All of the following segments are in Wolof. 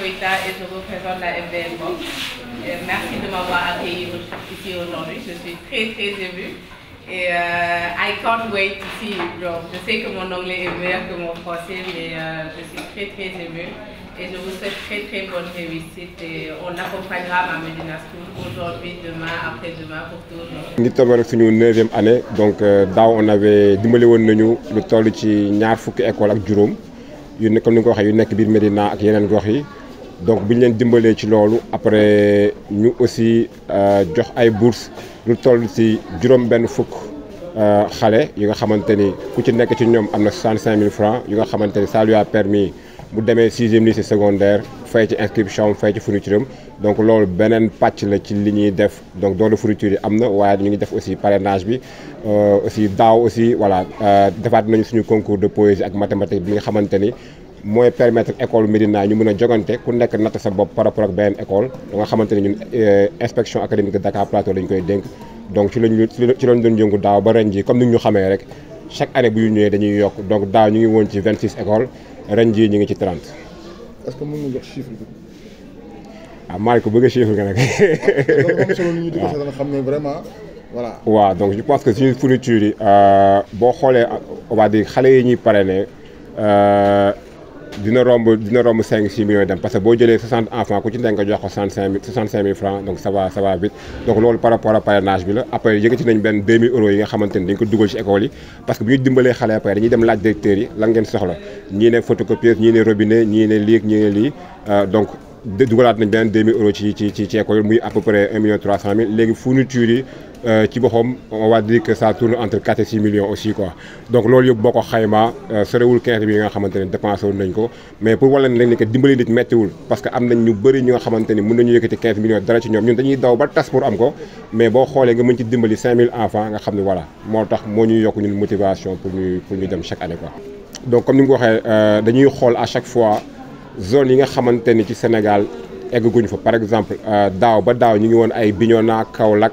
Koïta et je représente la FBM euh, merci de m'avoir accueilli ici aujourd'hui. Je suis très très émue. Et euh, I can't wait to see you. je sais que mon anglais est meilleur que mon français, mais euh, je suis très très émue. Et je vous souhaite très très bonne réussite. Et on accompagnera ma Medina School aujourd'hui, demain, après-demain, pour toujours. Nous sommes en 9e année. Donc, euh, on avait dimbalé le temps de école avec Jérôme. Comme nous l'avons dit, nous sommes en Medina et nous sommes donc bi leen après ñu aussi euh, jox ay bourse lu ci euh, yi nga 65000 francs yi nga xamanteni ça lui a permis bu lycée secondaire fay ci inscription fay ci fourniture donc lolu Benen patch la ci def donc fourniture aussi parrainage euh, aussi aussi voilà concours de poésie ak mathématiques, bi moy permettre école Médina ñu mëna a jogante ku nekk natt sa bopp par rapport ak beneen école nga xamante ñun euh, inspection académique de Dakar Plateau lañ koy dénk donc ci lañ ci lañ doon jëngu daaw ba ren ji comme ñu xamé rek chaque année bu ñu ñëwé dañuy yok donc daaw ñu ngi woon ci 26 écoles ren ji ñu ngi ci 30. est-ce que mën jox chiffre bi. ah maa ko bëgg a chiffre nga nag. vraiment. voilà waaw donc je pense que suñu fourniture euh bo xolé on va dire xalé yi ñuy parrainer. Euh, dina romb dina romb cinq millions dem parce que bo jëlee 60 enfants ku ci ndeng nga jox ko 65000 65000 francs donc ça va ça va vite donc lolu par rapport à parrainage bi la après yëkkati nañ ben 2000 euros yi nga xamante dañ ko duggal ci école yi parce que bu ñu dimbalee xale après dañuy dem laaj directeur yi lan ngeen soxla ñi né photocopieuse ñi né robinet ñi né lii ñi né li donc dugalaat nañ benn 2000 euros ci ci ci école muy à peu près 1 300 000. fourniture yi euh, on va dire que ça tourne entre 4 et 6 millions aussi. Donc, ce qui est le cas, c'est le 15 millions de dépenses. Mais pour voir que c'est gens ne mettent pas, parce que nous avons ne pas 15 millions de dollars, Nous avons mettent pas de pour eux. Mais si on regarde 5 000 enfants, c'est ce qui est une motivation pour nous, chaque année. Donc, comme nous le euh, à chaque fois, les zones qui sont en train Sénégal, par exemple, euh, Dao, Dao, nous avons eu Bignona, Kaolak.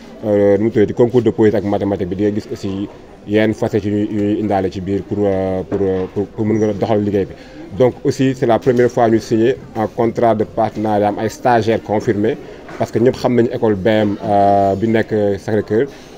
Nous fait des concours de poésie avec mathématiques. Il y a une aussi yenn facettes yu ñuy indaale ci pour euh, euh, pour pour mën nga donc aussi c'est la première fois que nous signé un contrat de partenariat avec ay stagiaires confirmés parce que nous xam une école BM euh, bi nekk Sacré-Cœur.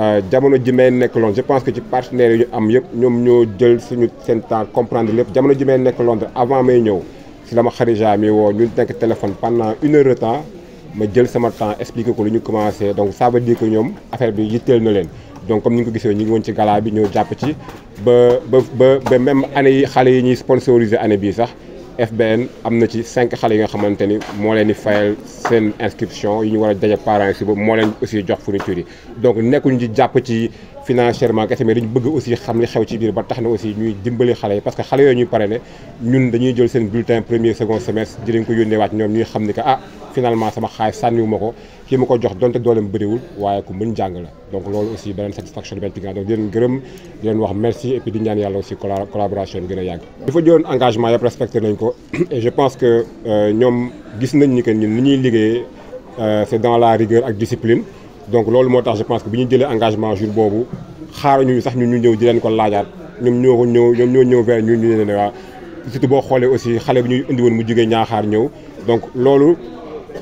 Euh, jamono je pense que ci partenaires am yep ñom jël suñu temps comprendre jamono Londres avant may si la mi téléphone pendant une heure de temps ma jël sama temps expliqué ko lu ñu commencé donc ça veut dire que ñom affaire bi na donc comme ñu ko gissé ñu ngi won ci gala même année yi yi sponsorisé année FBN amna ci 5 xalé yi nga xamanteni mo leni fayal sen inscription yi ñu war a parents ci mo moo aussi jox fourniture yi donc nekkuñu ci japp ci financièrement kese mais dañu bëgg aussi xam li xew ci biir ba taxna aussi ñuy dimbali xalé parce que xalé yo ñuy paré né ñun dañuy jël seen bulletin premier second semestre di leen ko yónneewaat ñoom ñuy xam ni que ah finalement sama xaalis sànniwu ki mu ko jox donte dooleem bëriwul waye ku mën jàng la donc loolu aussi benen satisfaction bi ci donc di leen gërëm di leen wax merci et puis di ñaan yàlla aussi collaboration bi gën a yàgg li fa engagement yëpp respecté nañ ko et je pense que euh, ñom gis nañ ni que ñun ni ñuy liggéey euh, c'est dans la rigueur ak discipline donc je pense que nous jëlé engagement jour nous un sax ñu ñëw di leen ko ñëw ñoo ñëw ñu aussi ñu indi mu ñëw donc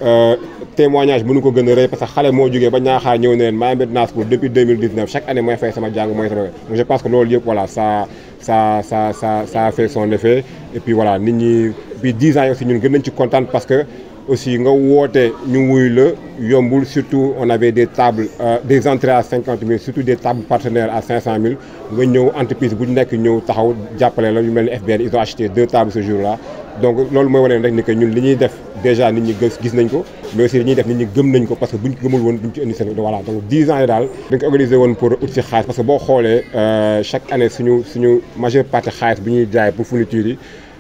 euh, témoignage ko parce que ba ñëw depuis 2019 chaque année fay sama je pense que voilà ça ça ça ça a fait son effet et puis voilà nit 10 ans aussi ñun parce que aussi nga woote ñu wuy le yombul surtout on avait des tables euh, des entrées à 50 000 surtout des tables partenaires à 500 000 mille nga entreprise bu nekk ñëw taxaw jappalé la yu melni FBN ils ont acheté deux tables ce jour-là donc lolu moy wane rek ni que ñun li ñuy def déjà nit ñi gis nañ ko mais aussi li ñuy def nit ñi gëm nañ ko parce que buñ gëmul won duñ ci indi seen voilà donc dix ans et dal dañ ko organisé won pour outil si parce que xolé euh, chaque année suñu suñu majeure partie xaalis bu ñuy jaay pour fourniture yi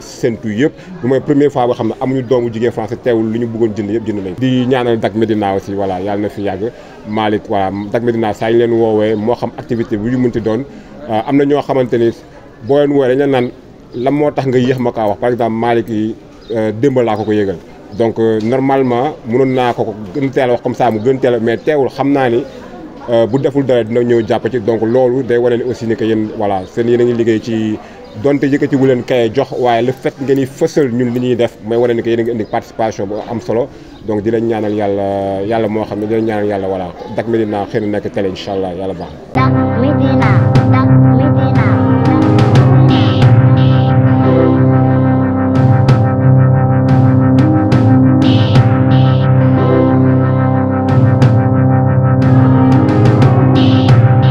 sentu yëpp bu mooy première fois boo xamna amuñu doomu jigéen français teewul luñu bëggoon jënd yëpp jënd nañ di ñaanal Dak Médina aussi voilà yàlla na fi yàgg Malick voilà Dak medina saa ñu leen woowee moo xam activité bu ñu mënti doon euh, amna ño xamanteni xamante ni boo leen woowee dañ la naan lan moo tax nga yex ma wax par exemple malik yi euh, démb la ko ko yëgal donc euh, normalement mënon na ko ko gën teel wax comme ça mu gën teel mais teewul xamna ni bu deful dara dina ñëw jàpp ci donc loolu day wane aussi ni que yéen voilà seen yéen a liggéey ci donte yëkkati wu leen kaye jox waaye le fait ngeen di fësal ñun li ñuy def mooy wane ni que yéen indi participation bu am solo donc di leen ñaanal yàlla yàlla moo xam ne di leen ñaanal yàlla voilà Dak Médina xëy na nekk télé incha allah yàlla baax